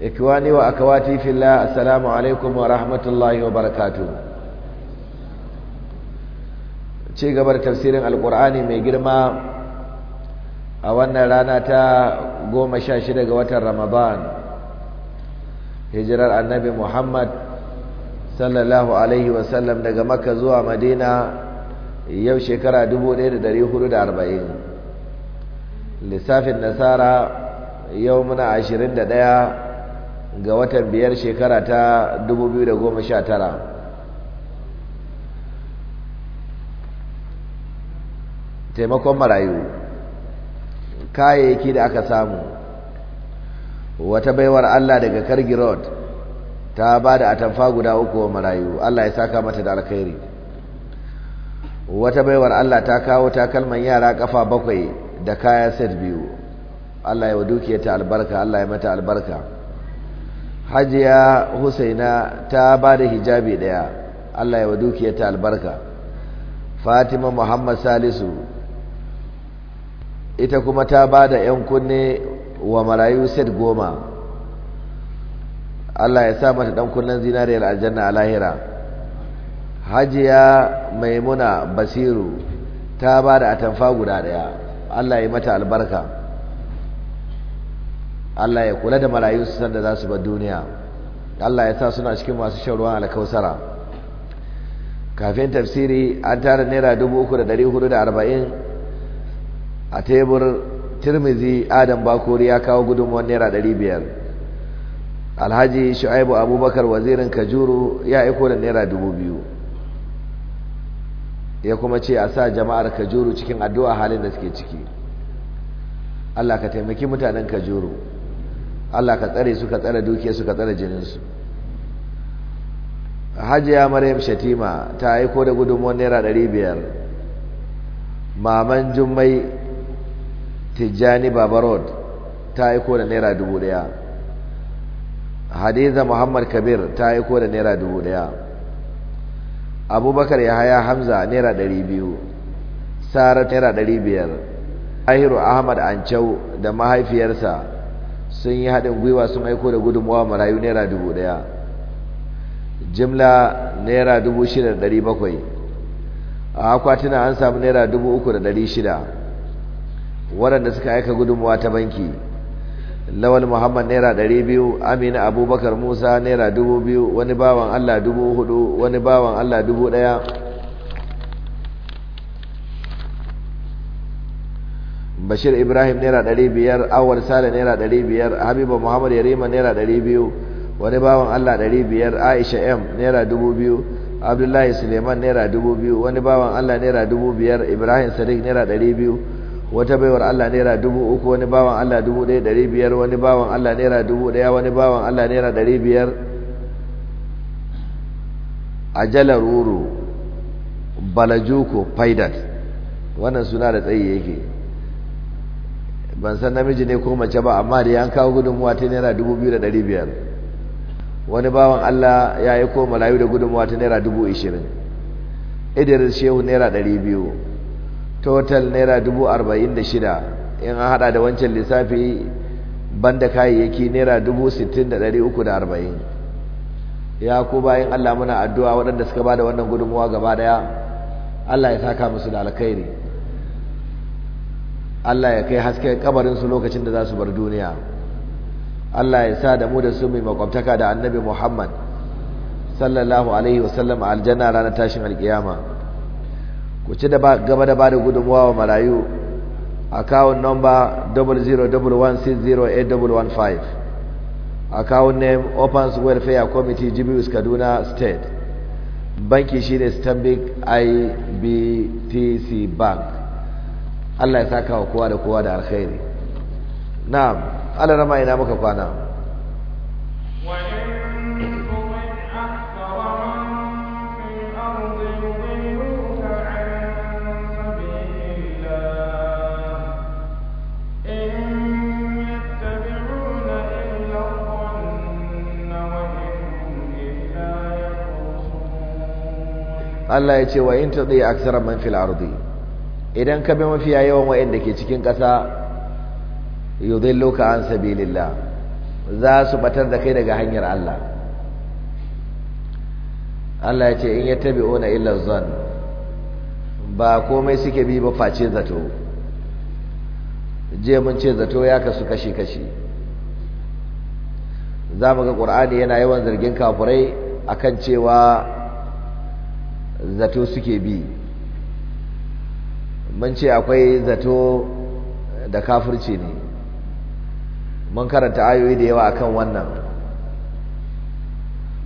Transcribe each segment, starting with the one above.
ikwani wa akawati fillah assalamu alaikum wa rahmatullahi wa barakatuh ci gabar tafsirin alqur'ani mai girma a wannan rana ta goma sha 16 ga watan ramadan Hijrar annabi muhammad sallallahu alaihi wa sallam daga makka zuwa madina yau shekara 1440 lissafin nasara yau muna 21 ga watan biyar shekara ta 2019 taimakon marayu kayayyaki da aka samu wata baiwar Allah daga Kargi Road ta ba da atamfa guda uku wa marayu Allah ya saka mata da alkhairi wata baiwar Allah ta kawo takalman yara kafa bakwai da kaya set biyu Allah ya wa ta albarka Allah ya mata albarka hajiya husaina ta ba da hijabi ɗaya Allah ya wa dukiyarta albarka fatima muhammad salisu ita kuma ta ba da 'yan kunne wa marayu set goma Allah ya sa mata ɗan kunnen zinariyar aljanna a lahira hajiya maimuna basiru ta ba da atamfa guda ɗaya Allah ya mata albarka Allah ya kula da marayu su sanda za su ba duniya Allah ya sa suna cikin masu shan ruwan alkausara kafin tafsiri an tara naira dubu uku da ɗari hudu da arba'in a tebur tirmizi adam bakori ya kawo gudunmuwan naira ɗari biyar alhaji shu'aibu abubakar wazirin kajuru ya aiko da naira dubu biyu ya kuma ce a sa jama'ar kajuru cikin addu'a halin da suke ciki Allah ka taimaki mutanen kajuru Allah ka tsare su ka tsare dukiya su ka tsare jinin su hajiya maryam shatima ta aiko da gudunmuwar naira 500 biyar maman jummai tijjani babarod ta aiko da naira dubu ɗaya hadiza muhammad kabir ta aiko da naira dubu ɗaya abubakar yahaya hamza naira 200 biyu sara naira 500 biyar ahiru ahmad ancau da mahaifiyarsa sun yi haɗin gwiwa sun aiko da gudunmawa marayu naira dubu ɗaya jimla naira dubu shida da bakwai a akwatina an samu naira dubu uku da ɗari shida waɗanda suka aika gudunmawa ta banki lawal muhammad naira ɗari biyu amina abubakar musa naira dubu biyu wani bawan allah dubu hudu wani bawan allah dubu ɗaya bashir ibrahim naira ɗari biyar awar sale naira ɗari biyar habiba muhammad yarima naira ɗari biyu wani bawan allah ɗari biyar aisha m naira dubu biyu abdullahi suleiman naira dubu biyu wani bawan allah naira dubu biyar ibrahim sadiq naira ɗari biyu wata baiwar allah naira dubu uku wani bawan allah dubu ɗaya ɗari biyar wani bawan allah naira dubu ɗaya wani bawan allah naira ɗari biyar ajalar ruru balajuko faidat wannan suna da tsayi yake ban san namiji ne ko mace ba amma da yan kawo gudunmuwa ta naira dubu wani bawan allah ya yi ko malayu da gudunmuwa ta naira dubu idris shehu naira ɗari biyu total naira dubu shida in an haɗa da wancan lissafi banda kayayyaki naira dubu sittin arba'in ya ku bayan allah muna addu'a waɗanda suka ba da wannan gudunmuwa gaba ɗaya allah ya saka musu da alkhairi Allah ya kai hasken kabarin su lokacin da za su bar duniya Allah ya sa da mu da su mai makwabtaka da annabi Muhammad sallallahu alaihi wasallam aljanna ranar tashin alkiyama ku ci gaba da bada gudunmuwa wa marayu account number a account name square Welfare Committee Jibius Kaduna State banki shine Stanbic IBTC Bank Allah ya saka wa kowa da kowa da alkhairi na'am Allah rama ina muka kwana Allah ya ce wa in tadi aksara man fil ardi idan ka bi mafiya yawan wa'anda ke cikin ƙasa yudhilluka an sabilillah za su batar da kai daga hanyar Allah Allah ya ce in yattabi'una illa zan ba komai suke bi ba face zato je mun ce zato ya kasu kashi kashi za mu ga ƙur'ani yana yawan zargin kafurai akan cewa zato suke bi mun ce akwai zato da kafirci ne mun karanta ayoyi da yawa akan wannan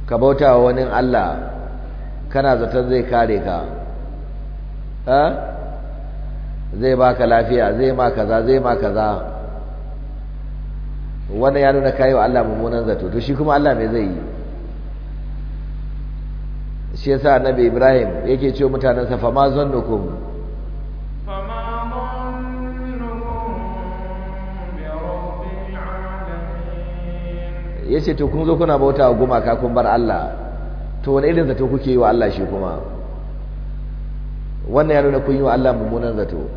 ka bauta wa wani Allah kana zaton zai kare ka zai baka lafiya zai ma kaza zai ma kaza wannan ya nuna kayo Allah mummunan zato to shi kuma Allah me zai yi shi yasa annabi Ibrahim yake ce mutanen safa ma zannukum ya ce to kun zo kuna bauta wa gumaka kun bar Allah to wani irin zato kuke yi wa Allah shi kuma wannan ya nuna kun yi wa Allah mummunan zato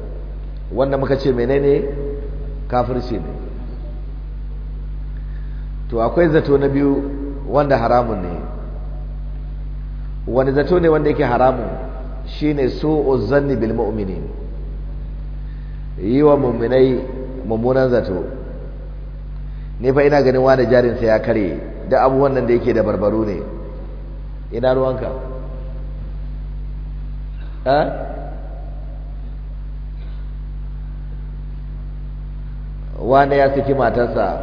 wanda muka ce menene kafirci ne to akwai zato na biyu wanda haramun ne wani zato ne wanda yake haramun shine o zanni bil mu'minin yi wa mu'minai mummunan zato ne fa ina ganin wani jarinsa ya kare da abubuwan nan da yake da barbaro ne ina ruwanka ha wanda ya saki matarsa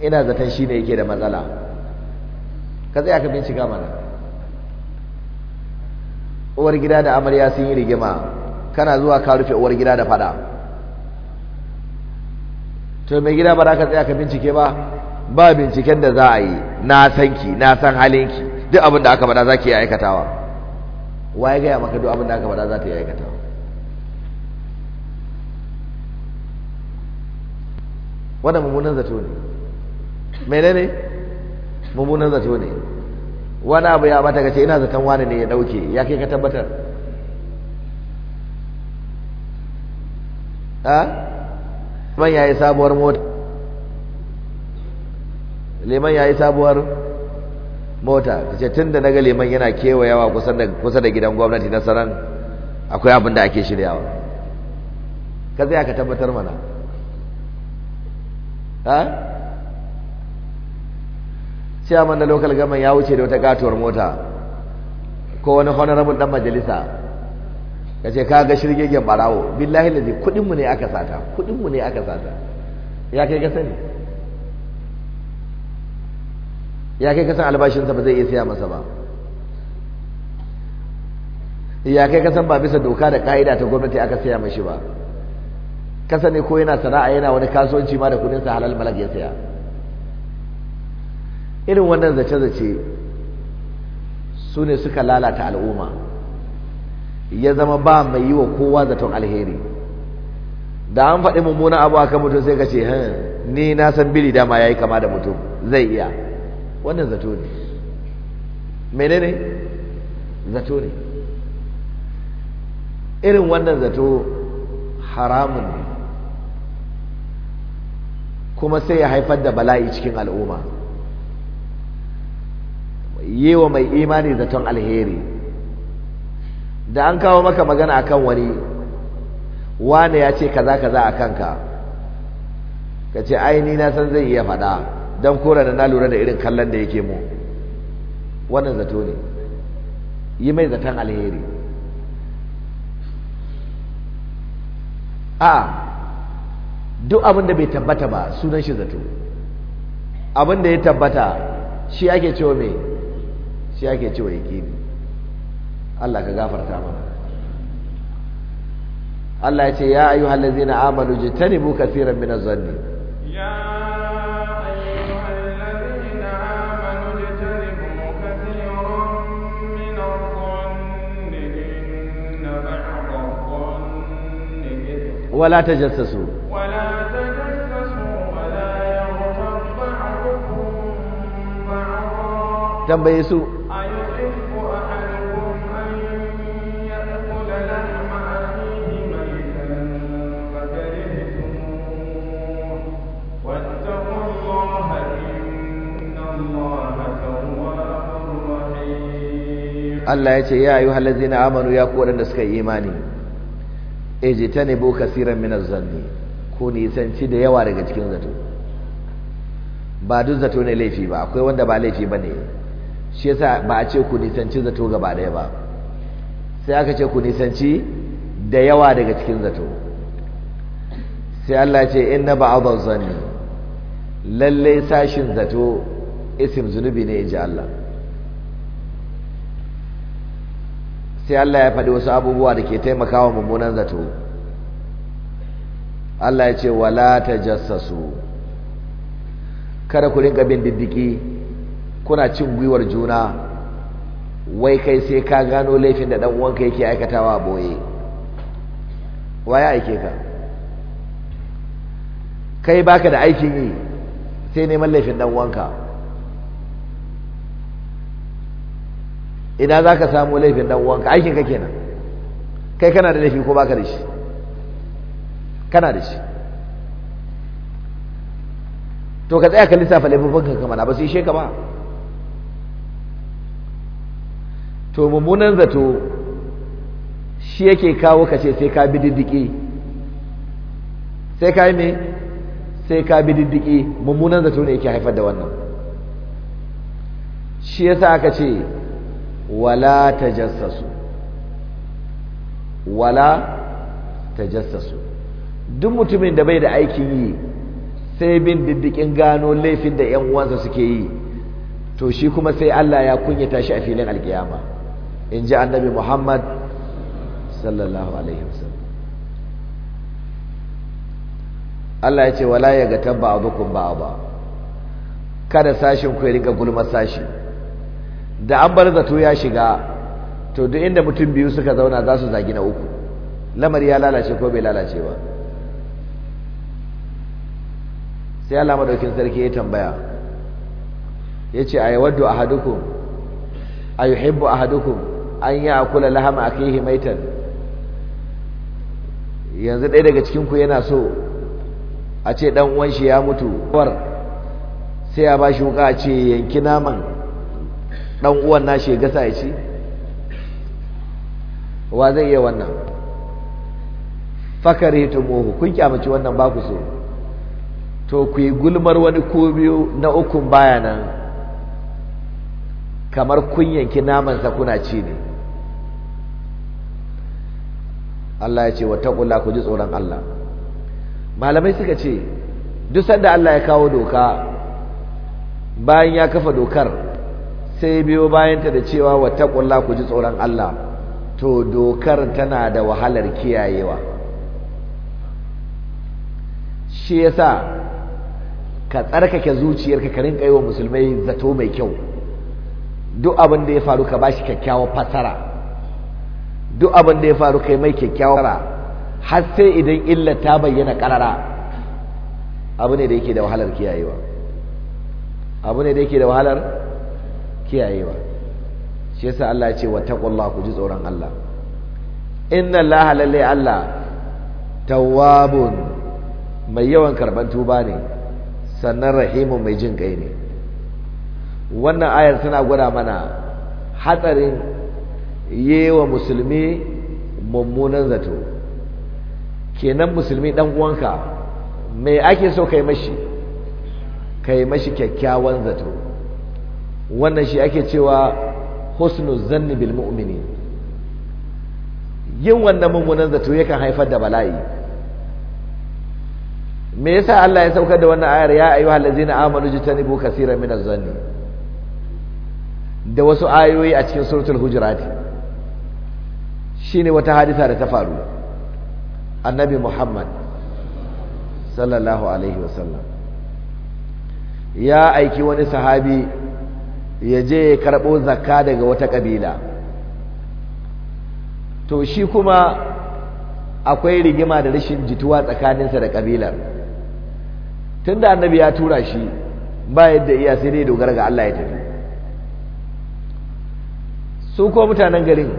ina zaton shi ne yake da matsala ka tsaya ka bincika mana uwar gida da amarya sun yi rigima kana zuwa ka rufe uwar gida da fada to mai gida ba za ka tsaya ka bincike ba ba binciken da za a yi na san ki na san halinki duk abin da aka faɗa za ki yi aikatawa wa ya gaya maka duk abin da aka faɗa za ka yi aikatawa wannan mummunan zato ne menene mummunan zato ne wani abu ya bata kace ina zaton wani ne ya dauke ya kai ka tabbatar liman yi sabuwar mota liman yi sabuwar mota da na ga liman yana kewayawa kusa da kusa da gidan gwamnati na saran akwai abin da ake shiryawa ka zai aka tabbatar mana ha chairman na local government ya wuce da wata gatuwar mota ko wani honorable dan majalisa ka ce ka ga shirgegen barawo billahi lazi mu ne aka sata mu ne aka sata ya kai ka sani ya kai albashin albashinsa ba zai iya siya masa ba ya kai san ba bisa doka da ka'ida ta gwamnati aka siya mashi ba kasa ne ko yana sana'a yana wani kasuwanci ma da sa halal malak ya siya irin wannan zace-zace su ne suka lalata al'umma ya zama ba mai yi wa kowa zaton alheri da an faɗi mummuna abu a kan mutum sai ka ce ni na san biri dama ya yi kama da mutum zai iya wannan zato ne mene ne? zato ne irin wannan zato haramun ne kuma sai ya haifar da bala'i cikin al'umma yi wa mai imani zaton alheri da an kawo maka magana akan wani wane ya ce kaza kaza a kanka ka ce aini na san zai iya faɗa don kora da na lura da irin kallon da yake mu wannan zato ne yi mai zaton alheri a duk abin da bai tabbata ba sunan shi zato abin da ya tabbata shi ake cewa mai shi ake cewa yaƙini Allah ka gafarta mana Allah ya ce ya ayyuhal ladzina amanu jitanibu katsiran min az-zanni ya ayyuhal ladzina amanu jitanibu katsiran min az-zanni inna ba'da adh-dhanni ithmun wa la tajassasu wa la tajassasu wa la yaghtab ba'dukum ba'dan tambaye su Allah ya ce ya ayu halazina amanu ya ku waɗanda suka yi imani ejtanibu kaseeran min minar zanni ku nisanci da yawa daga cikin zato ba duk zato ne laifi ba akwai wanda ba laifi ba ne shi yasa ba a ce ku nisanci zato gaba ɗaya ba sai aka ce ku nisanci da yawa daga cikin zato sai Allah ce in inna ba'dhal zanni lallai sashin zato isim zunubi ne ji Allah sai Allah ya faɗi wasu abubuwa da ke taimakawa mummunan zato Allah ya ce wala ta su. kada ku rinka bin diddiki kuna cin gwiwar juna wai kai sai ka gano laifin da dan uwanka yake aikatawa a boye waye aike ka kai baka da aikin yi sai neman laifin ɗan uwanka ina za ka samu laifin dan uwanka aikin ka kenan kai kana da laifi ko baka da shi kana da shi to ka tsaya ka lissafa laifukan ka na ba su ishe ka ba to mummunan zato shi yake kawo ka ce sai ka bi diddiki sai ka yi mai sai ka bi diddiki mummunan zato ne yake haifar da wannan shi yasa aka ce wala tajassasu wala tajassasu duk mutumin da bai da aikin yi sai bin diddikin gano laifin da yan uwansa suke yi to shi kuma sai Allah ya kunyata shi a filin alkiyama in ji annabi Muhammad sallallahu alaihi wasallam Allah ya ce wala ya ga tabba abukum ba'aba kada sashin ku ya riga gulmar sashi da an bar zato ya shiga to duk inda mutum biyu suka zauna za su zagi na uku lamari ya lalace ko bai lalace ba sai Allah madaukin sarki ya tambaya ya yace ayawaddu ahadukum ayuhibbu ahadukum an yi ya'kula lahama kai himaitan yanzu ɗaya daga cikinku yana so a ce ɗan uwan shi ya mutu war sai ya shi wuka ce yanki naman dan uwan nashi ya gasa ya ci wa zai iya wannan fakarihitumuhu kun kyamaci wannan ba ku so to ku yi gulmar wani ko biyu na ukun baya nan kamar kun yanki namansa kuna ci ne Allah ya ce wa taƙula ku ji tsoron Allah malamai suka ce duk sanda Allah ya kawo doka bayan ya kafa dokar sai biyo bayanta da cewa wattaqulla ku ji tsoron Allah to dokar tana da wahalar kiyayewa shi yasa ka tsarkake zuciyarka ka rinka yi wa musulmai zato mai kyau duk abin da ya faru ka bashi kyakkyawar fasara duk abin da ya faru kai mai kyakkyawar har sai idan illa ta bayyana karara abu ne da yake da wahalar kiyayewa abu ne da yake da wahalar kiyayewa shi yasa Allah ya ce wattaqullah ku ji tsoron Allah inna laha lalle Allah tawwabun mai yawan karban tuba ne sannan rahimu mai jin kai ne wannan ayar tana gwada mana hatsarin yewa musulmi mummunan zato kenan musulmi dan uwanka mai ake so kai mashi kai mashi kyakkyawan zato wannan shi ake cewa husnu zanni bil mu'mini yin wannan mummunan zato yakan haifar da bala'i me yasa Allah ya saukar da wannan ayar ya ayyuhal ladzina amanu jitanibu kaseeran minaz zanni da wasu ayoyi a cikin suratul hujurati shine wata hadisa da ta faru annabi Muhammad sallallahu alaihi wasallam ya aiki wani sahabi ya je ya karɓo zakka daga wata ƙabila to shi kuma akwai rigima da rashin jituwa tsakaninsa da ƙabilar tun da annabi ya tura shi ba yadda iya sai dai dogara ga Allah ya tafi su ko mutanen garin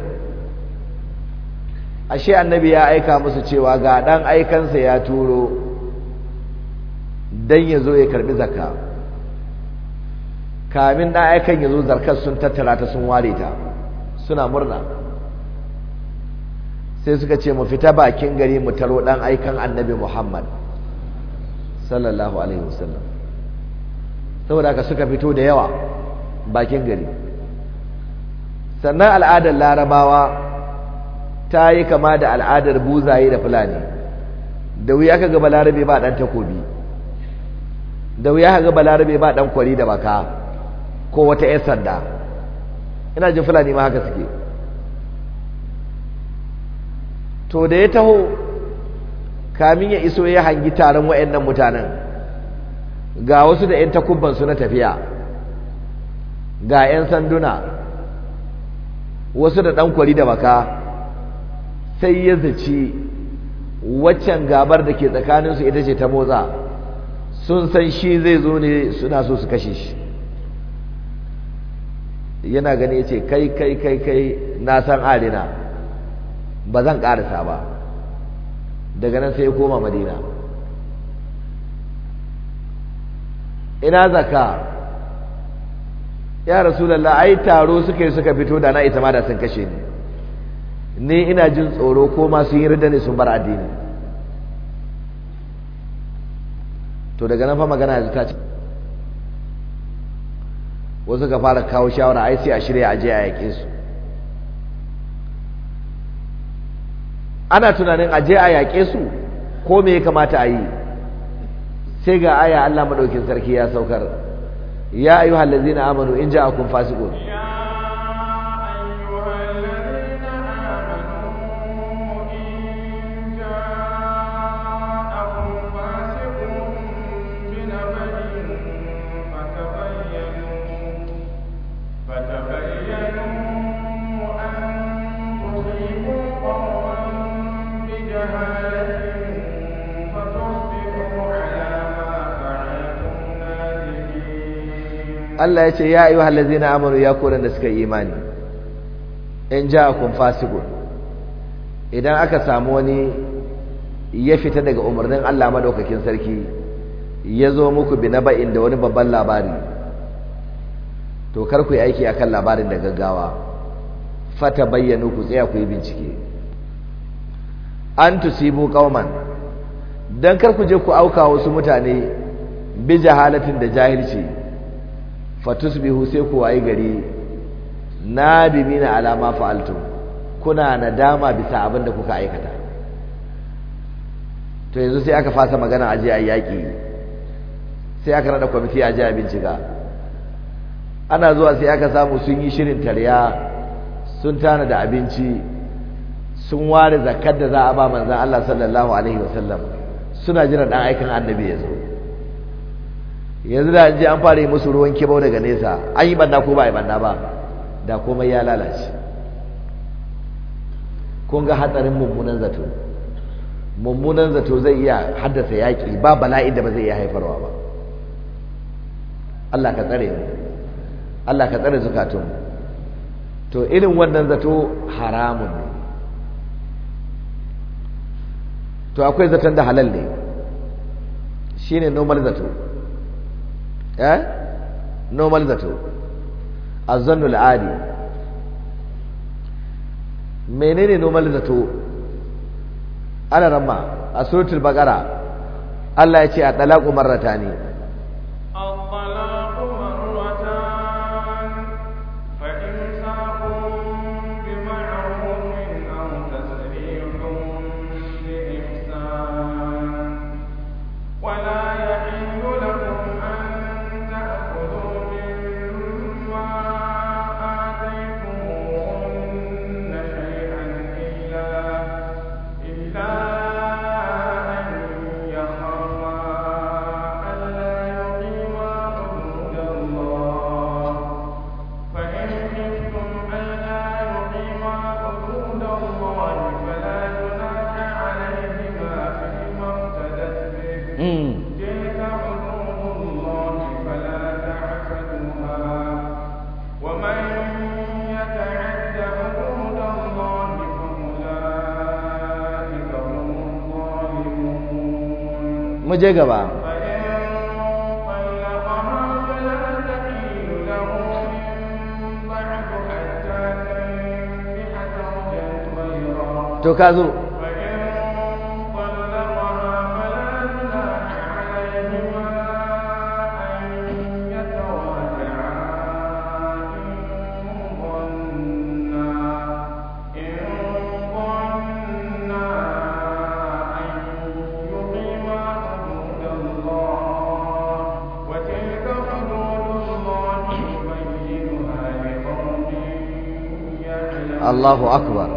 ashe annabi ya aika musu cewa ga ɗan aikansa ya turo don ya zo ya karɓi zakka kamin da aikan yazo zarkar sun tattara ta sun ware ta suna murna sai suka ce mu fita bakin gari mu taro dan aikan annabi Muhammad sallallahu alaihi wasallam saboda haka suka fito da yawa bakin gari sannan al'adar larabawa ta yi kama da al'adar buzaye da fulani da wuya ka ga balarabe ba dan takobi da wuya ka ga balarabe ba dan kwari da baka ko wata ƴan sanda ina jin fulani ma haka suke to da ya taho kamin ya iso ya hangi taron wa'annan mutanen ga wasu da 'yan takubbansu na tafiya ga 'yan sanduna wasu da ɗan kwari da baka sai ya zaci waccan gabar da ke tsakaninsu ita ce ta motsa sun san shi zai zo ne suna so su kashe shi yana gani ya ce kai kai kai kai na san arina ba zan ƙarisa ba daga nan sai ya koma madina ina zaka ya rasulallah ai taro suka yi suka fito da na ita ma da sun kashe ni ni ina jin tsoro ko ma sun yi rida ne sun bar addini to daga nan fa magana yanzu ta ce wasu ka fara kawo shawara ai sai a shirya aje a yaƙe su ana tunanin aje a yaƙe su ko me ya kamata a yi sai ga aya Allah madaukin sarki ya saukar ya ayyuhal ladzina amanu in ja'akum fasiqun Allah ya ce ya ayyuha allazina amanu ya koran da suka yi imani in ja'akum fasiqun idan aka samu wani ya fita daga umarnin Allah madaukakin sarki ya zo muku bi naba'in da wani babban labari to kar ku yi aiki akan labarin da gaggawa fata bayyana ku tsaya ku yi bincike an tusibu kauman, dan kar ku je ku auka wasu mutane bi jahalatin da jahilci fatusbihu sai ku wayi gari nadimina ala ma fa'altu, kuna nadama bisa abin da kuka aikata to yanzu sai aka fasa magana aje a yaƙi sai aka nada kwamiti aje a bincika ana zuwa sai aka samu sun yi shirin tarya sun tana da abinci sun ware zakar da za a ba manzan Allah sallallahu alaihi wasallam suna jiran ɗan aikin annabi ya zo yanzu da an je an fara yi musu ruwan kibau daga nesa an yi banna ko ba yi banna ba da komai ya lalace kun ga hatsarin mummunan zato mummunan zato zai iya haddasa yaƙi ba bala'i da ba zai iya haifarwa ba Allah ka tsare mu Allah ka tsare zukatun to irin wannan zato haramun ne to akwai zaton da halal ne shine normal zato eh normal zato azzannul adi menene normal zato ana rama a suratul bagara Allah ya ce a marata ne je gaba to ka zo Allahu akbar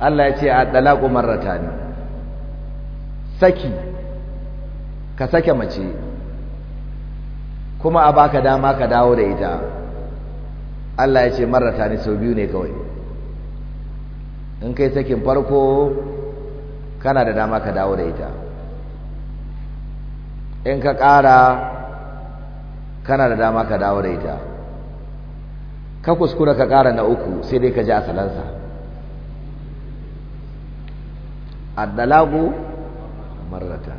Allah ya ce a dalaku marrata ne saki ka sake mace kuma a baka dama ka dawo da ita Allah ya ce marrata ne sau biyu ne kawai in kai sakin farko kana da dama ka dawo da ita in ka ƙara kana da dama ka dawo da ita ka kuskura ka ƙara na uku sai dai ka ji asalansa addalagu marrata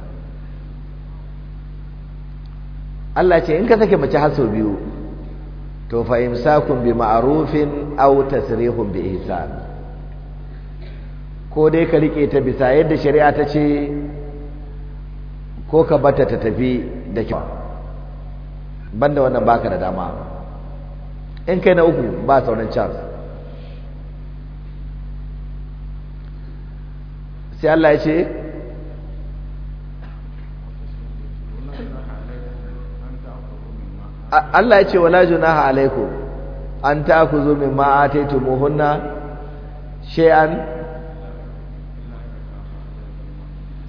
Allah ce in ka sake mace har sau biyu to fa imsakun bi ma'arufin aw tasrihun bi ihsan ko dai ka rike ta bisa yadda shari'a ta ce ko ka bata ta tafi da kyau banda wannan baka da dama in kai na uku ba sauran chance sai Allah ya ce Allah ya ce wala junaha alaikum an ta ta'khudhu mimma muhunna shay'an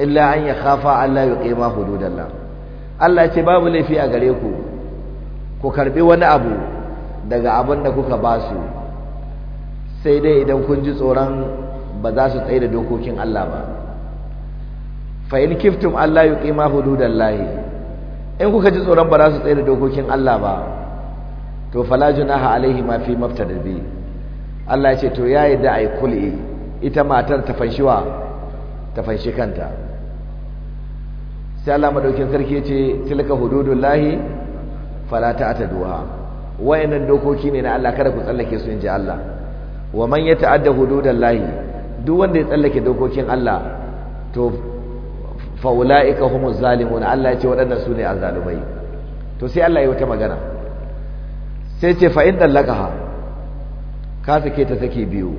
illa an yakhafa alla yuqima hududallah Allah ya ce babu laifi a gare ku ku karbi wani abu daga abin da kuka ba su sai dai idan kun ji tsoron ba za su tsaye da dokokin Allah ba fa in kiftum Allah yuqima hududallahi in kuka ji tsoron ba za su tsaye da dokokin Allah ba to fala junaha alaihi ma fi da bi Allah ya ce to yi da ai kul'i ita matar ta fanshiwa ta fanshi kanta sai Allah madaukin sarki ya ce tilka hududullahi fala duwa wayannan dokoki ne na Allah kada ku tsallake su inji Allah wa man yata'adda hududallahi duk wanda ya tsallake dokokin Allah to fa ulaika humuz zalimun Allah ya ce waɗannan su ne azalumai to sai Allah ya wata magana sai ce fa in dallaqaha ka sake ta sake biyu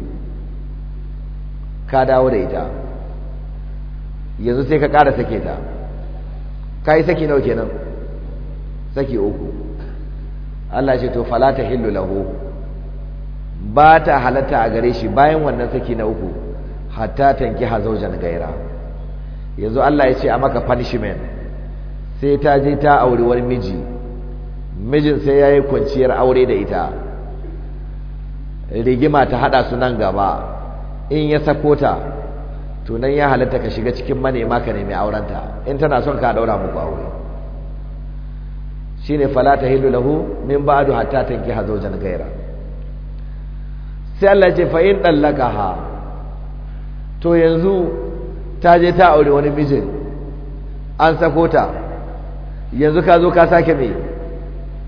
ka dawo da ita yanzu sai ka ƙara sake ta ka yi saki nawa kenan saki uku Allah ce to fala hillu lahu ba ta halatta a gare shi bayan wannan saki na uku hatta tanki hazaujan gaira yanzu Allah ya ce a maka punishment sai ta je ta auri wani miji mijin sai yayi kwanciyar aure da ita rigima ta hada su nan gaba in ya sako ta to nan ya halatta ka shiga cikin manema ka nemi aurenta in tana son ka daura muku aure Shi ne fala tahillu lahu min ba ta hatta hazo jan gaira sai Allah ce fa’in ɗallaka ha to yanzu ta je ta aure wani mijin an sako ta yanzu ka zo ka sake mai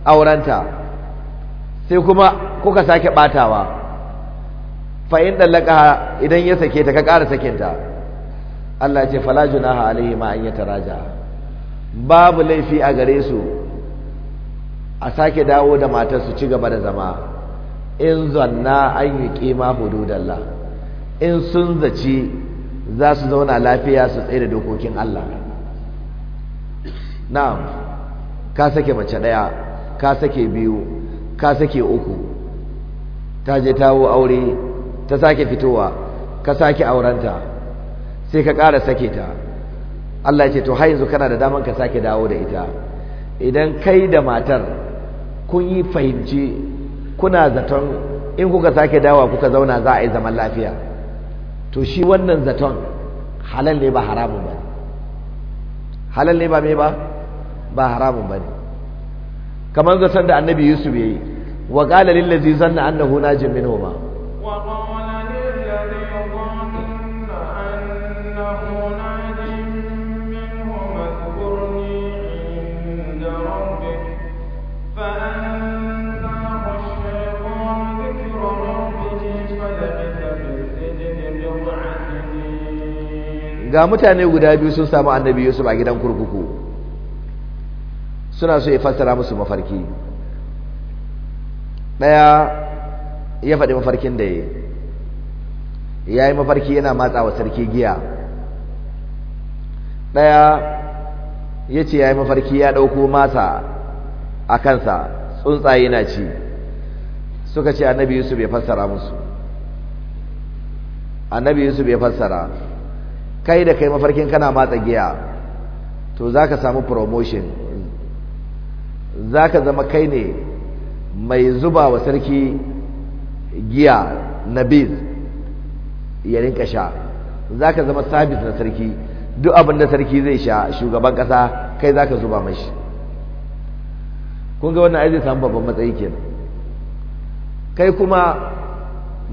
aurenta sai kuma kuka sake batawa fa’in ɗallaka ha idan ya sake ta ka ƙara sakinta Allah ce fala junaha alaihi ma an raja babu laifi a gare su a sake dawo da matar su ci gaba da zama in zanna an yi kima hududalla in sun zaci za su zauna lafiya su tsaye da dokokin Allah na'am ka sake mace ɗaya ka sake biyu ka sake uku ta je tawo aure ta sake fitowa ka sake aurenta sai ka kara sake ta Allah ya ce to har yanzu kana da daman ka sake dawo da ita idan kai da matar kun yi fahimci kuna zaton in kuka sake dawa kuka zauna za a yi zaman lafiya to shi wannan zaton halal ne ba haramun ba halal ne ba me ba ba haramun ba ne kamar zaton da annabi yusuf ya yi wa ƙalalin lil zanna annahu na minhu ma wa ga mutane guda biyu sun samu annabi yusuf a gidan kurkuku suna so ya fassara musu mafarki ɗaya ya faɗi mafarkin da ya ya yi mafarki yana matsa wa sarki giya ɗaya ya ce ya yi mafarki ya ɗauko masa a kansa tsuntsaye na ci suka ce annabi yusuf ya fassara musu annabi yusuf ya fassara kai da kai mafarkin kana matsa giya to za ka samu promotion za ka zama kai ne mai zuba wa sarki giya na biz ya rinka sha za ka zama sabis na sarki duk abin da sarki zai sha shugaban kasa kai za ka zuba mashi kunga wannan aizai zai samu babban matsayi kenan kai kuma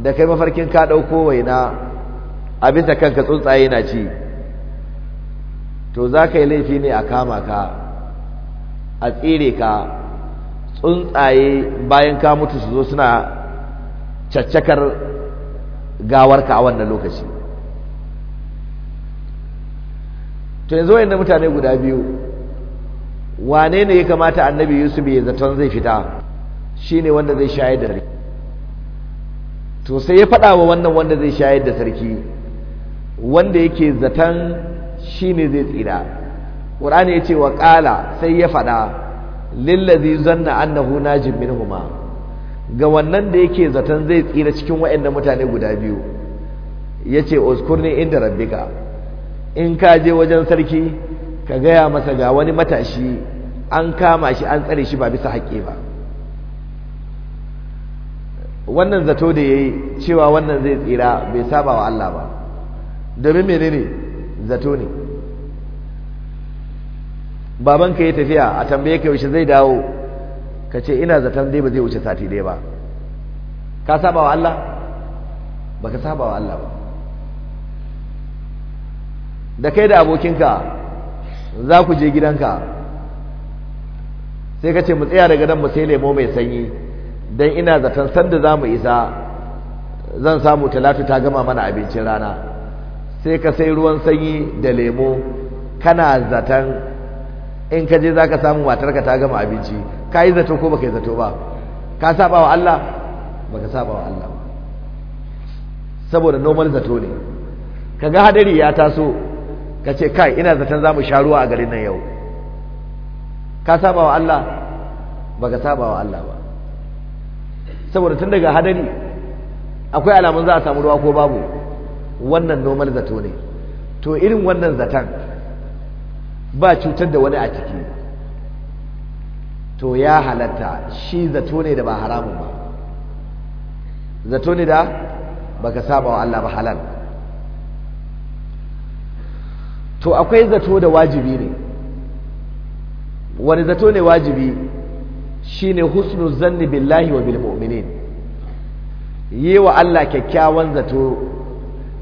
da kai mafarkin ka ɗauko waina Abin bisa kanka tsuntsaye na ci to za ka yi laifi ne a kama ka a tsire ka tsuntsaye bayan ka mutu su zo suna caccakar gawarka a wannan lokaci to yanzu wayannan mutane guda biyu wane ne ya kamata annabi yusuf ya zaton zai fita shi ne wanda zai shayar da sarki to sai ya faɗa wa wannan wanda zai shayar da sarki wanda yake zaton ne zai tsira ya yace wa ƙala sai ya faɗa lillazi zanna annahu najim minhuma ga wannan da yake zaton zai tsira cikin waɗannan mutane guda biyu Ya yace uzkurni inda rabbika in ka je wajen sarki ka gaya masa ga wani matashi an kama shi an tsare shi ba bisa haƙƙi ba wannan zato da ya yi cewa wannan zai tsira bai saba wa Allah ba domin menene zato ne babanka ya tafiya a tambaye ka yaushe zai dawo ka ce ina zaton dai ba zai wuce sati dai ba ka saba wa Allah ba ka saba wa Allah ba da kai da abokinka za ku je gidanka sai ka ce mu tsaya daga nan mu sai lemo mai sanyi don ina zaton sanda za mu isa zan samu talatu ta gama mana abincin rana sai ka sai ruwan sanyi da lemo kana zaton in ka je za ka samu matarka ta gama abinci ka yi zato ko baka yi zato ba ka saba wa Allah baka saba wa Allah saboda normal zato ne ka ga hadari ya taso ka ce kai ina zaton za mu sha ruwa a garin nan yau ka saba wa Allah baka saba wa Allah ba saboda tun daga hadari akwai alamun za a samu ruwa ko babu wannan normal zato ne to irin wannan zaton ba cutar da wani a ciki to ya halatta shi zato ne da ba haramun ba zato ne da baka saba wa Allah ba halal to akwai zato da wajibi ne wani zato ne wajibi shine husnu zanni billahi wa bil mu'minin yi wa Allah kyakkyawan zato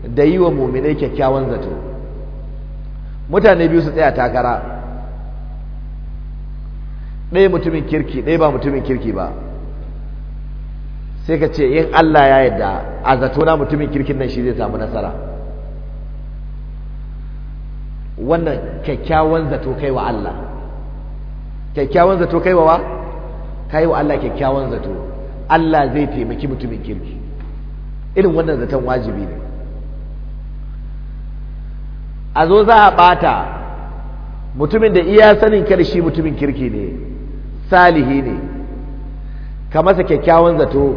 da yi wa mummina kyakkyawan zato mutane biyu su tsaya takara ɗaya mutumin kirki ɗaya ba mutumin kirki ba sai ka ce yin Allah ya yadda a zato na mutumin kirkin nan shi zai samu nasara wannan kyakkyawan zato kai wa Allah kyakkyawan zato kai wa wa kai wa Allah kyakkyawan zato Allah zai taimaki mutumin kirki irin wannan zaton wajibi ne a zo za a ɓata mutumin da iya sanin shi mutumin kirki ne salihi ne ka masa kyakkyawan zato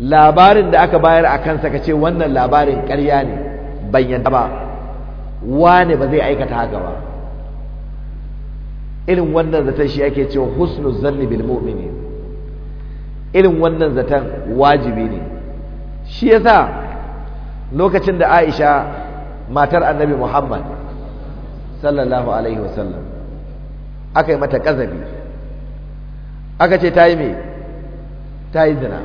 labarin da aka bayar a kansa ka ce wannan labarin ƙarya ne bayyana ba wane ba zai aikata haka ba irin wannan zaton shi ake cewa husnu zanni bil mu'mini irin wannan zaton wajibi ne shi yasa lokacin da Aisha matar annabi Muhammad sallallahu alaihi wasallam aka yi mata kazabi aka ce ta yi me ta yi zina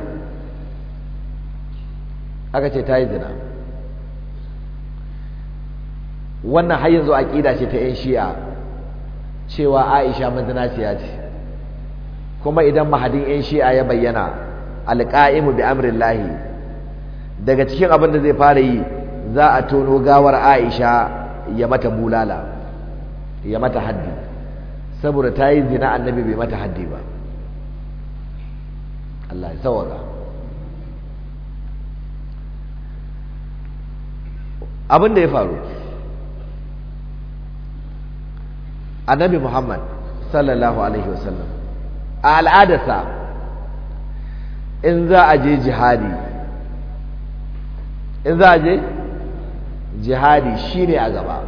aka ce ta yi zina wannan har yanzu aƙida ce ta 'yan shi'a cewa aisha mazina siya ce kuma idan mahadin 'yan shi'a ya bayyana alƙa'imu bi amrillahi daga cikin abin da zai fara yi za a tono gawar Aisha ya mata bulala ya mata haddi saboda ta yi zina annabi bai mata haddi ba Allah ya saurara abin da ya faru annabi Muhammad sallallahu alaihi wasallam a al'adarsa in za a je jihadi in za a je jihadi shine a gaba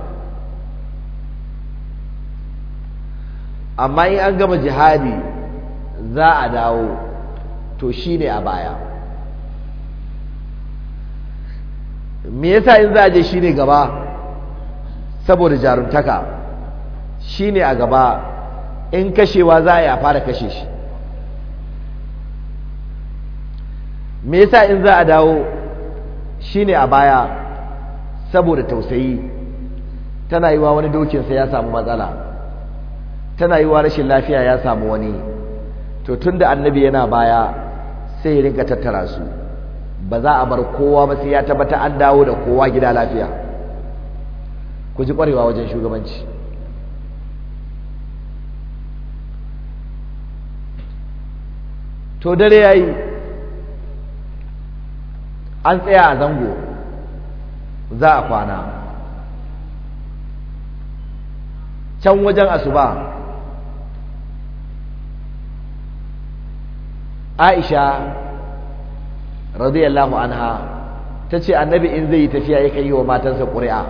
amma in an gama jihadi za a dawo to shine a baya me yasa in za a je shine gaba saboda jaruntaka shine a gaba in kashewa za a yi a fara kashe shi me yasa in za a dawo shine a baya saboda tausayi tana yiwa wani dokinsa ya samu matsala tana yiwa rashin lafiya ya samu wani to tunda annabi yana baya sai ya rinka tattara su ba za a bar kowa ba sai ya tabbata an dawo da kowa gida lafiya ku ji kwarewa wajen shugabanci to dare yayi an tsaya a zango za a kwana can wajen asuba aisha radiyallahu anha ta ce annabi in zai yi tafiya ya kan yi wa matansa ƙuri'a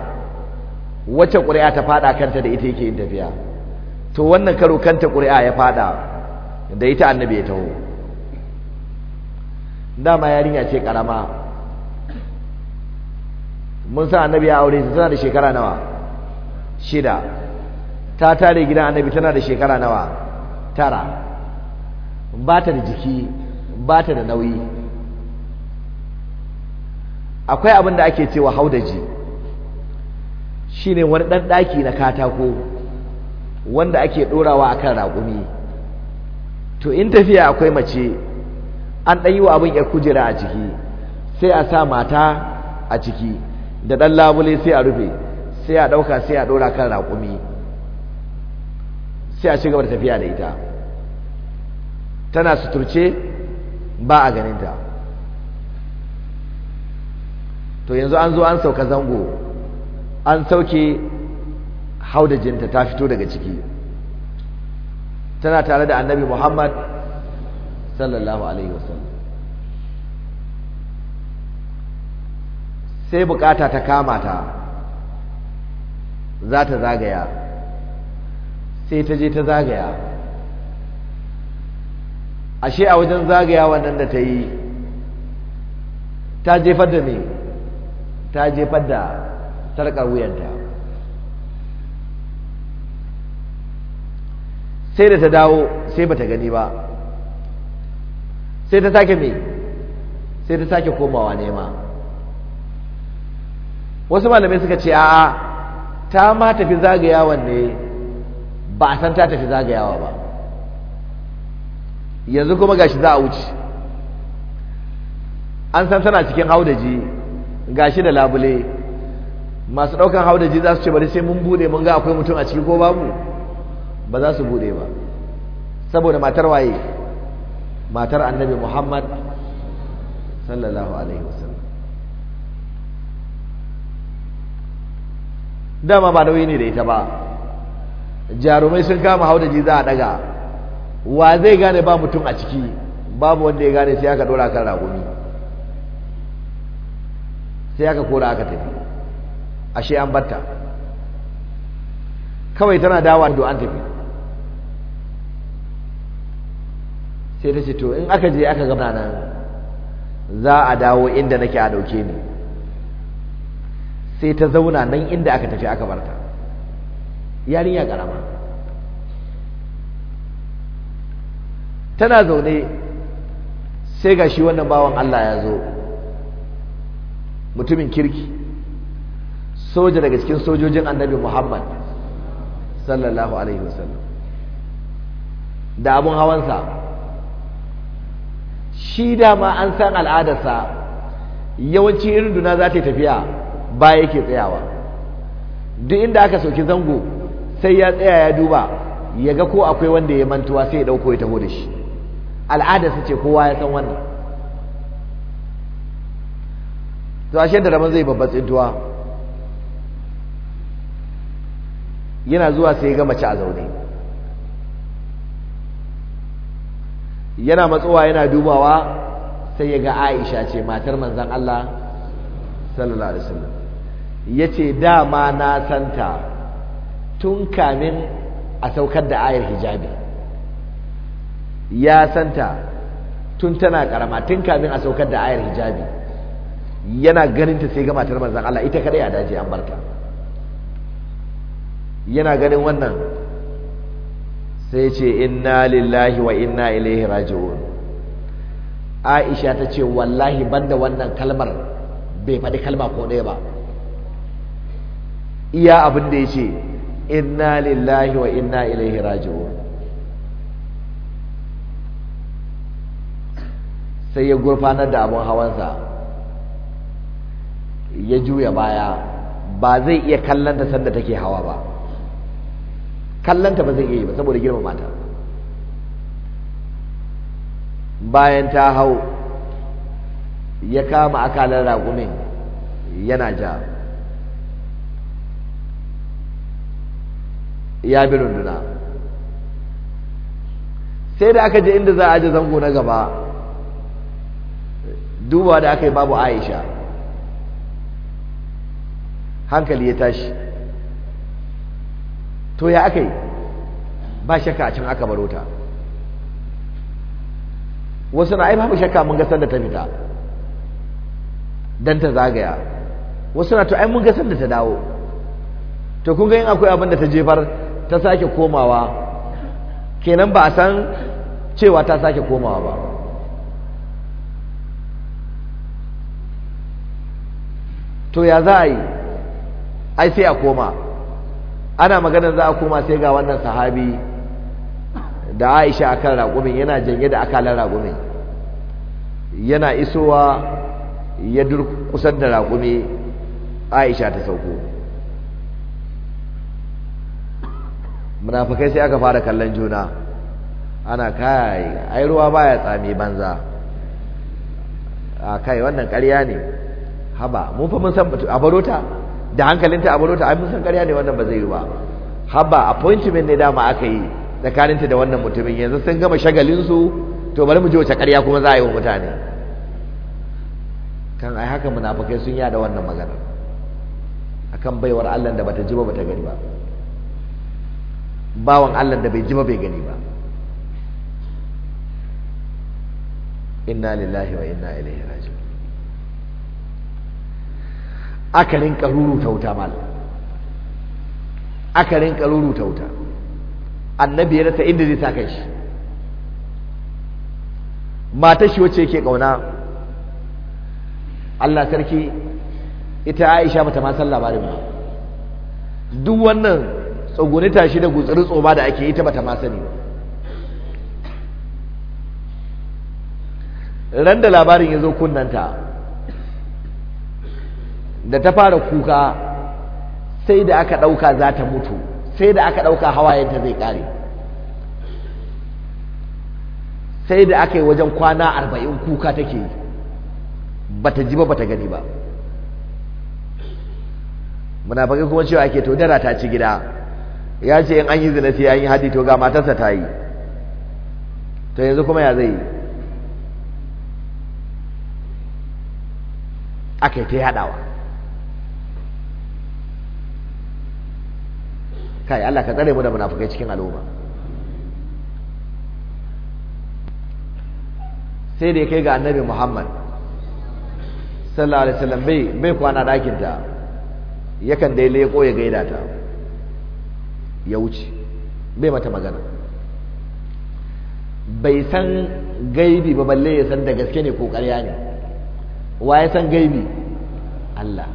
wacce ƙuri'a ta fada kanta da ita yake yin tafiya to wannan karo kanta ƙuri'a ya fada da ita annabi ya taho dama yarinya ce ƙarama mun san annabi ya aure ta tana da shekara nawa shida ta tare gidan annabi tana da shekara nawa tara ba ta da jiki ba ta da nauyi akwai abin da ake cewa da haudaji ne wani ɗan ɗaki na katako wanda ake ɗorawa a kan raƙumi to in tafiya akwai mace an ɗan yi wa abin ya kujera a ciki sai a sa mata a ciki da ɗan labule sai a rufe sai a ɗauka sai a ɗora kan raƙumi sai a cigaba da tafiya da ita tana suturce ba a ganinta to yanzu an zo an sauka zango an sauke haudajinta ta fito daga ciki tana tare da annabi muhammad sallallahu alaihi wasallam sai bukata ta kama ta za ta zagaya sai ta je ta zagaya ashe a wajen zagaya wannan da ta yi ta jefar da ne ta jefar da sarƙar wuyanta sai da ta dawo sai ba ta gani ba sai ta sake me sai ta sake komawa nema wasu malamai suka ce a'a ta ma tafi zagayawan ne ba a san ta tafi zagayawa ba yanzu kuma gashi za a wuce an san tana cikin haudaji gashi da labule masu ɗaukan haudaji za su ce bari sai mun bude mun ga akwai mutum a ciki ko babu ba za su bude ba saboda matar waye matar annabi muhammad sallallahu alaihi wasallam dama ba nauyi ne da ita ba jarumai sun kama hau da ji za a daga wa zai gane ba mutum a ciki babu wanda ya gane sai aka dora kan ragumi sai aka kora aka tafi ashe an batta kawai tana dawa da an tafi sai ta ce to in aka je aka gabana nan za a dawo inda nake a dauke ni sai ta zauna nan inda aka tafi aka barta yarinya karama tana zaune sai ga wannan bawan Allah ya zo mutumin kirki soja daga cikin sojojin annabi Muhammad sallallahu alaihi wasallam da abun hawansa shi da ma an san al'adarsa yawanci irin duna za ta yi tafiya ba yake tsayawa duk inda aka sauki zango sai ya tsaya ya duba ya ga ko akwai wanda ya mantuwa sai ya dauko ya taho da shi al'ada su ce kowa ya san wannan to ashe da ramar zai babbar tsintuwa yana zuwa sai ya gama ci a zaune yana matsowa yana dubawa sai ya ga Aisha ce matar manzon Allah sallallahu alaihi wasallam ya ce dama na santa tun kamin a saukar da ayar hijabi ya santa tun tana karama tun kamin a saukar da ayar hijabi yana ganinta sai ga matar manzan Allah ita kadai a daji an barka, yana ganin wannan sai ce inna lillahi wa inna ilaihi raji'un Aisha ta ce wallahi banda wannan kalmar bai faɗi kalma ko ɗaya ba iya abin da ya ce inna lillahi wa inna ilaihi raji'un sai ya gurfanar da abin hawansa ya juya baya ba zai iya kallanta sanda take hawa ba kallanta ba zai iya yi ba saboda girma mata bayan ta hau ya kama akalar raƙumin yana ja ya bi runduna sai da aka je inda za a aje zango na gaba duba da aka yi babu aisha hankali ya tashi to ya aka yi ba shakka a can aka baro ta wasu na ai mu shakka mun ga sanda ta fita don ta zagaya wasu na to ai mun ga sanda ta dawo to kun ga yin akwai abin da ta jefar ta sake komawa kenan ba a san cewa ta sake komawa ba to ya za a yi ai sai a koma ana maganar za a koma sai ga wannan sahabi da aisha akan ragumin yana janye da akalar ragumin yana isowa ya dur durkusar da raƙumi aisha ta sauko munafukai sai aka fara kallon juna ana kai ai ruwa baya tsami banza a kai wannan ƙarya ne haba mun fa mun san a barota da hankalinta a barota ai mun san ƙarya ne wannan ba zai yi ba haba appointment ne dama aka yi tsakaninta da wannan mutumin yanzu sun gama shagalinsu to bari mu je wace ƙarya kuma za a yi wa mutane kan ai haka munafukai sun yada wannan magana akan baiwar Allah da bata ji ba bata gani ba bawan Allah da bai ji ba bai gani ba inna lillahi wa inna ilaihi raji'un aka karuru ruruta wuta mal aka karuru ruruta wuta annabi ya rasa inda zai ta kai shi Mata shi wacce yake kauna Allah sarki ita Aisha mata ma san labarin ba duk wannan tsoguni tashi da gutsirin tsoma da ake yi ta bata ma sani ran da labarin ya zo kunnanta da ta fara kuka sai da aka ɗauka za ta mutu sai da aka ɗauka hawayenta zai ƙare sai da aka yi wajen kwana arba'in kuka take yi ta ji ba ta gani ba muna munafakai kuma cewa ake to dara ta ci gida ya ce in an yi zina sai an yi hadi to ga matarsa ta yi to yanzu kuma ya zai yi aka yi ta yaɗawa kai Allah ka tsare mu da munafukai cikin al'umma sai da ya kai ga annabi Muhammad sallallahu alaihi wasallam bai bai kwana dakin ta yakan dai leko ya gaida ta ya wuce bai mata magana bai san gaibi ba balle ya san da gaske ne ko karya ne wa ya san gaibi Allah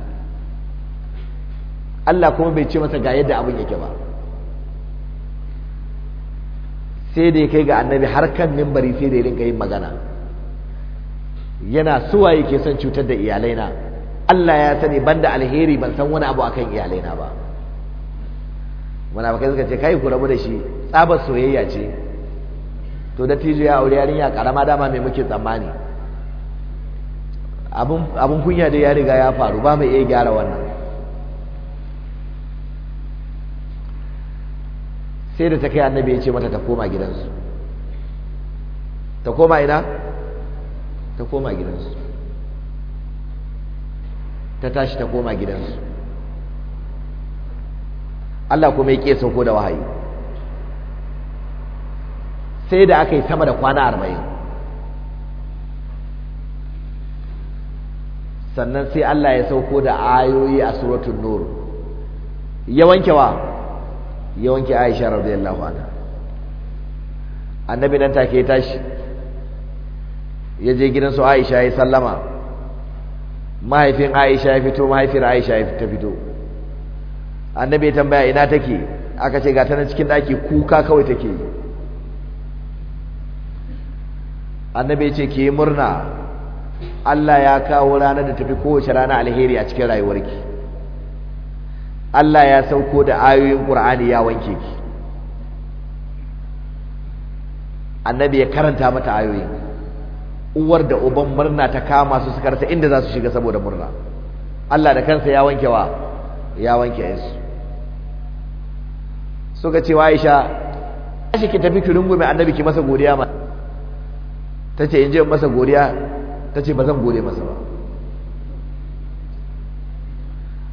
Allah kuma bai ce masa ga yadda abin yake ba sai da ya kai ga annabi har kan mimbari sai da ya rinka yin magana yana suwa yake son cutar da iyalaina Allah ya sani banda alheri ban san wani abu akan iyalaina ba munafikai suka ce kai ku rabu da shi tsabar soyayya ce to da tijo ya aure yarinya karama dama mai muke tsammani abun kunya da ya riga ya faru ba mai iya gyara wannan sai da ta kai annabi ya ce mata ta koma gidansu ta koma ina ta koma gidansu ta tashi ta koma gidansu Allah kuma ya ƙi sauko da wahayi sai da aka yi sama da kwana arba'in sannan sai Allah ya sauko da ayoyi a suratun nur ya wanke wa ya wanke aisha radiyallahu anha annabi nan take tashi ya je gidan su aisha ya sallama mahaifin aisha ya fito mahaifiyar aisha ya ta fito annabi ya tambaya ina take aka ce ga ta cikin daki kuka kawai take annabi ya ce ki yi murna Allah ya kawo ranar da tafi kowace rana alheri a cikin rayuwarki Allah ya sauko da ayoyin Qur'ani ya wanke ki annabi ya karanta mata ayoyin uwar da uban murna ta kama su suka rasa inda za su shiga saboda murna Allah da kansa ya wanke wa ya wanke su suka ce Aisha tashi ki tafi ki rungume annabi ki masa godiya ma tace in je masa godiya tace ba zan gode masa ba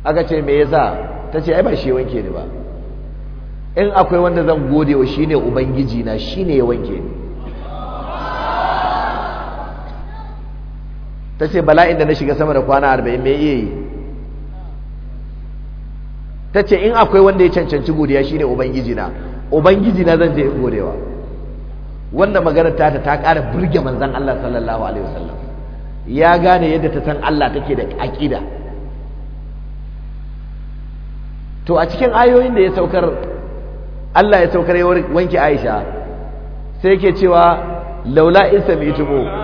aka ce me yasa tace ai ba shi wanke ni ba in akwai wanda zan gode wa shine ubangiji na shine ya wanke ni tace bala'in da na shiga sama da kwana 40 me yayi yi ta ce in akwai wanda ya cancanci godiya shi ubangiji na ubangiji na zan je in godewa wannan maganar ta ta ƙara burge manzan Allah sallallahu alaihi wasallam ya gane yadda ta san Allah take da aƙida to a cikin ayoyin da ya saukar Allah ya saukar ya wanke Aisha sai yake cewa laula in sami'tumu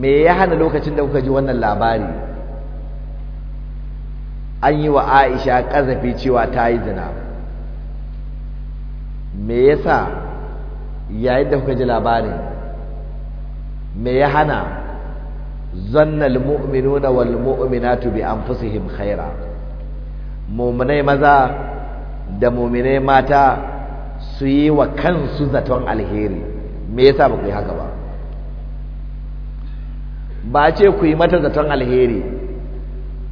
me ya hana lokacin da kuka ji wannan labari an yi wa aisha ƙazafi cewa ta yi zina me ya yasa yayin da kuka ji labarin me ya hana zanna mu'minuna da bi anfusihim khaira mu'minai maza da mu'minai mata su yi wa kansu zaton alheri me yasa ba ku yi haka ba ba ce ku yi mata zaton alheri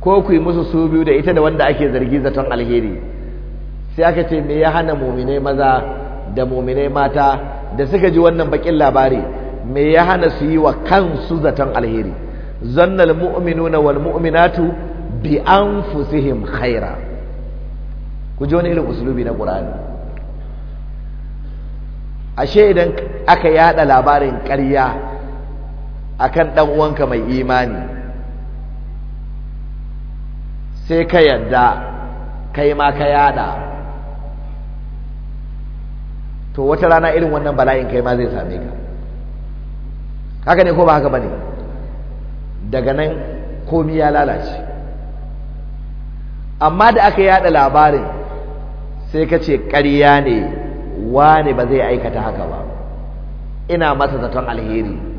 ko ku yi musu su biyu da ita da wanda ake zargi zaton alheri sai aka ce me ya hana muminai maza da muminai mata da suka ji wannan bakin labari me ya hana su yi wa kansu zaton alheri zannal mu'minuna wal mu'minatu bi anfusihim khaira ku ji wani irin usulubi na qur'ani ashe idan aka yada labarin ƙarya akan dan uwanka mai imani sai ka yadda kai ma ka yada to wata rana irin wannan bala'in kai ma zai same ka haka ne ko ba haka bane daga nan komi ya lalace amma da aka yada labarin sai ka ce ƙarya ne wane ba zai aikata haka ba ina masa zaton alheri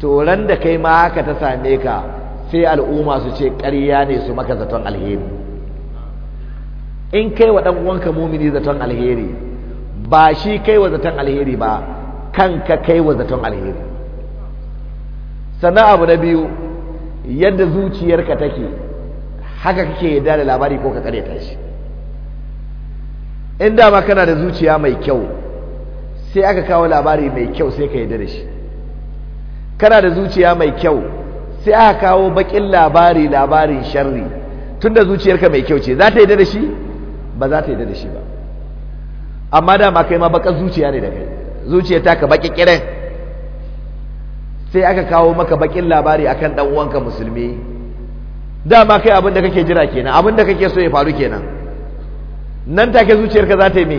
to da kai ma haka ta same ka sai al'umma su ce ƙarya ne su maka zaton alheri in kai wa uwanka mumini zaton alheri ba shi kai wa zaton alheri ba kanka kai wa zaton alheri sannan abu na biyu yadda zuciyarka take haka kake yadda da labari ko ka karyata shi in dama kana da zuciya mai kyau sai aka kawo labari mai kyau sai ka yadda da shi kana da zuciya mai kyau sai aka kawo bakin labari labarin sharri tunda zuciyarka mai kyau ce za ta yi da shi ba za ta yi da shi ba amma dama kai ma bakar zuciya ne da kai zuciyar ta ka baki kiran sai aka kawo maka bakin labari akan dan uwanka musulmi dama kai abin da kake jira kenan abin da kake so ya faru kenan nan take zuciyarka za ta yi me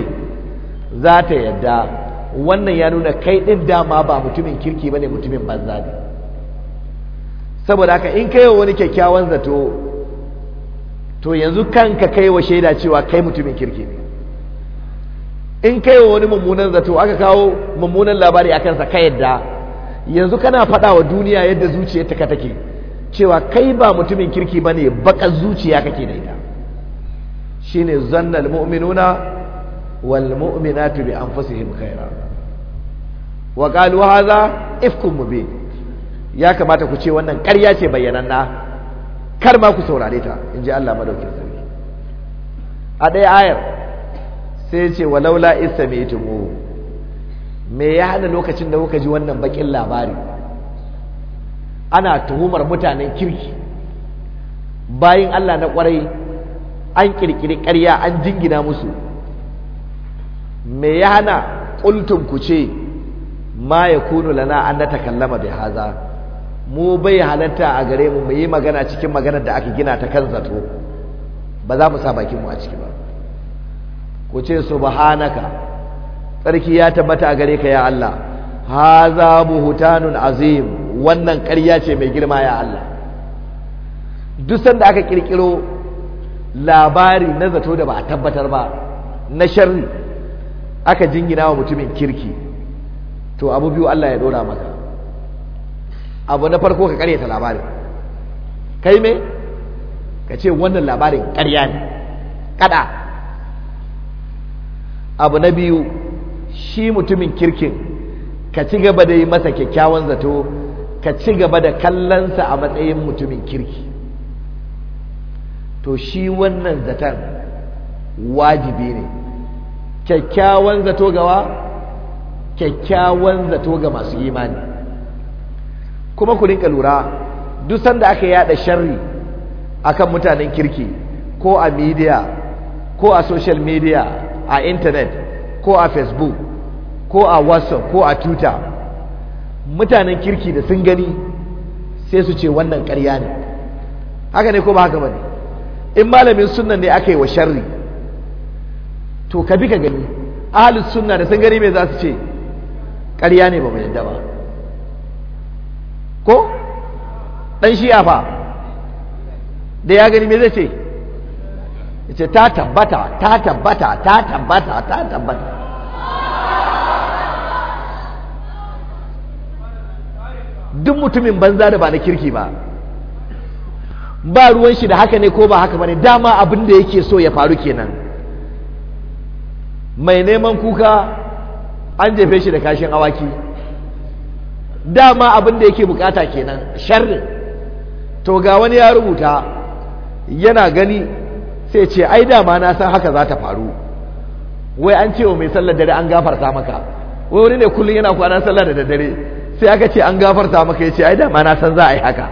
za ta yadda wannan ya nuna kai ɗin dama ba mutumin kirki ba ne mutumin banza ne saboda haka in kai wani kyakkyawan zato to yanzu kanka kai wa shaida cewa kai mutumin kirki ne in kaiwa wani mummunan zato aka kawo mummunan labari a kansa ka yadda yanzu kana faɗa wa duniya yadda zuciyarta ka take cewa kai ba mutumin kirki ba ne baƙar zuciya kake da ita shine zannal mu'minuna wal mu'minatu bi anfusihim khaira wa qalu hadha ifkum bi. ya kamata ku ce wannan ƙarya ce bayyananna kar ma ku saurare ta ji Allah madaukin sarki a ɗaya ayar sai ce walaula istami'tumu me ya hana lokacin da kuka ji wannan bakin labari ana tuhumar mutanen kirki bayin Allah na kwarai an kirkiri ƙarya an jingina musu me ya hana ƙultun ku ce ma kunu lana an na takallama bai haza mu bai halatta a gare mu mu yi magana cikin maganar da aka gina ta kan zato ba za mu sa bakin mu a ciki ba ku ce subhanaka tsarki ya tabbata a gare ka ya Allah haza buhutanun azim wannan ƙarya ce mai girma ya Allah duk sanda aka kirkiro labari na zato da ba a tabbatar ba na sharri aka jingina wa mutumin kirki to abu biyu Allah ya dora maka abu na farko ka karyata labarin kai me ka ce wannan labarin karya ne kada abu na biyu shi mutumin kirkin ka ci gaba da yi masa kyakkyawan zato ka ci gaba da kallonsa a matsayin mutumin kirki to shi wannan zaton wajibi ne kyakkyawan zato gawa kyakkyawan zato ga masu imani kuma ku rinka lura duk sanda aka yada sharri akan mutanen kirki ko a media ko a social media a internet ko a facebook ko a whatsapp ko a twitter mutanen kirki da sun gani sai su ce wannan ƙarya ne haka ne ko ba haka ba in malamin sunan ne aka yi wa sharri to ka bi ka gani ahalus sunna da sun gani me za su ce ƙarya ne ba mu yadda ba ko ɗan shi'a fa da ya gani me zai ce ya ce ta tabbata ta tabbata ta tabbata ta tabbata duk mutumin banza da ba na kirki ba ba ruwan shi da haka ne ko ba haka ba ne dama abin da yake so ya faru kenan mai neman kuka an jefe shi da kashin awaki dama abin da yake bukata kenan sharri to ga wani ya rubuta yana gani sai ce ai dama na san haka za ta faru wai an ce wa mai sallar dare an gafarta maka wai wani ne kullum yana kwanan sallar da dare sai aka ce an gafarta maka ya ce ai dama na san za a yi haka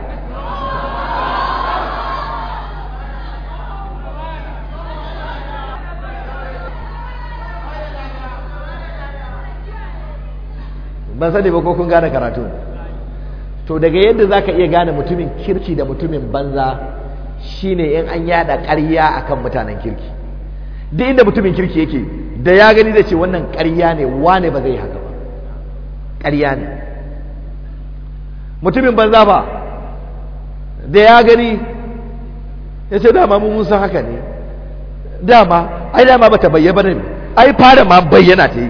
ban sani ba ko kun gane karatu to daga yadda zaka iya gane mutumin kirki da mutumin banza shine in an yada ƙarya akan mutanen kirki duk inda mutumin kirki yake da ya gani da ce wannan ƙarya ne wane ba zai haka ba ƙarya ne mutumin banza ba da ya gani ya ce dama mu musa haka ne dama ai dama ba ta bayyana ne ai fara ma bayyana ta yi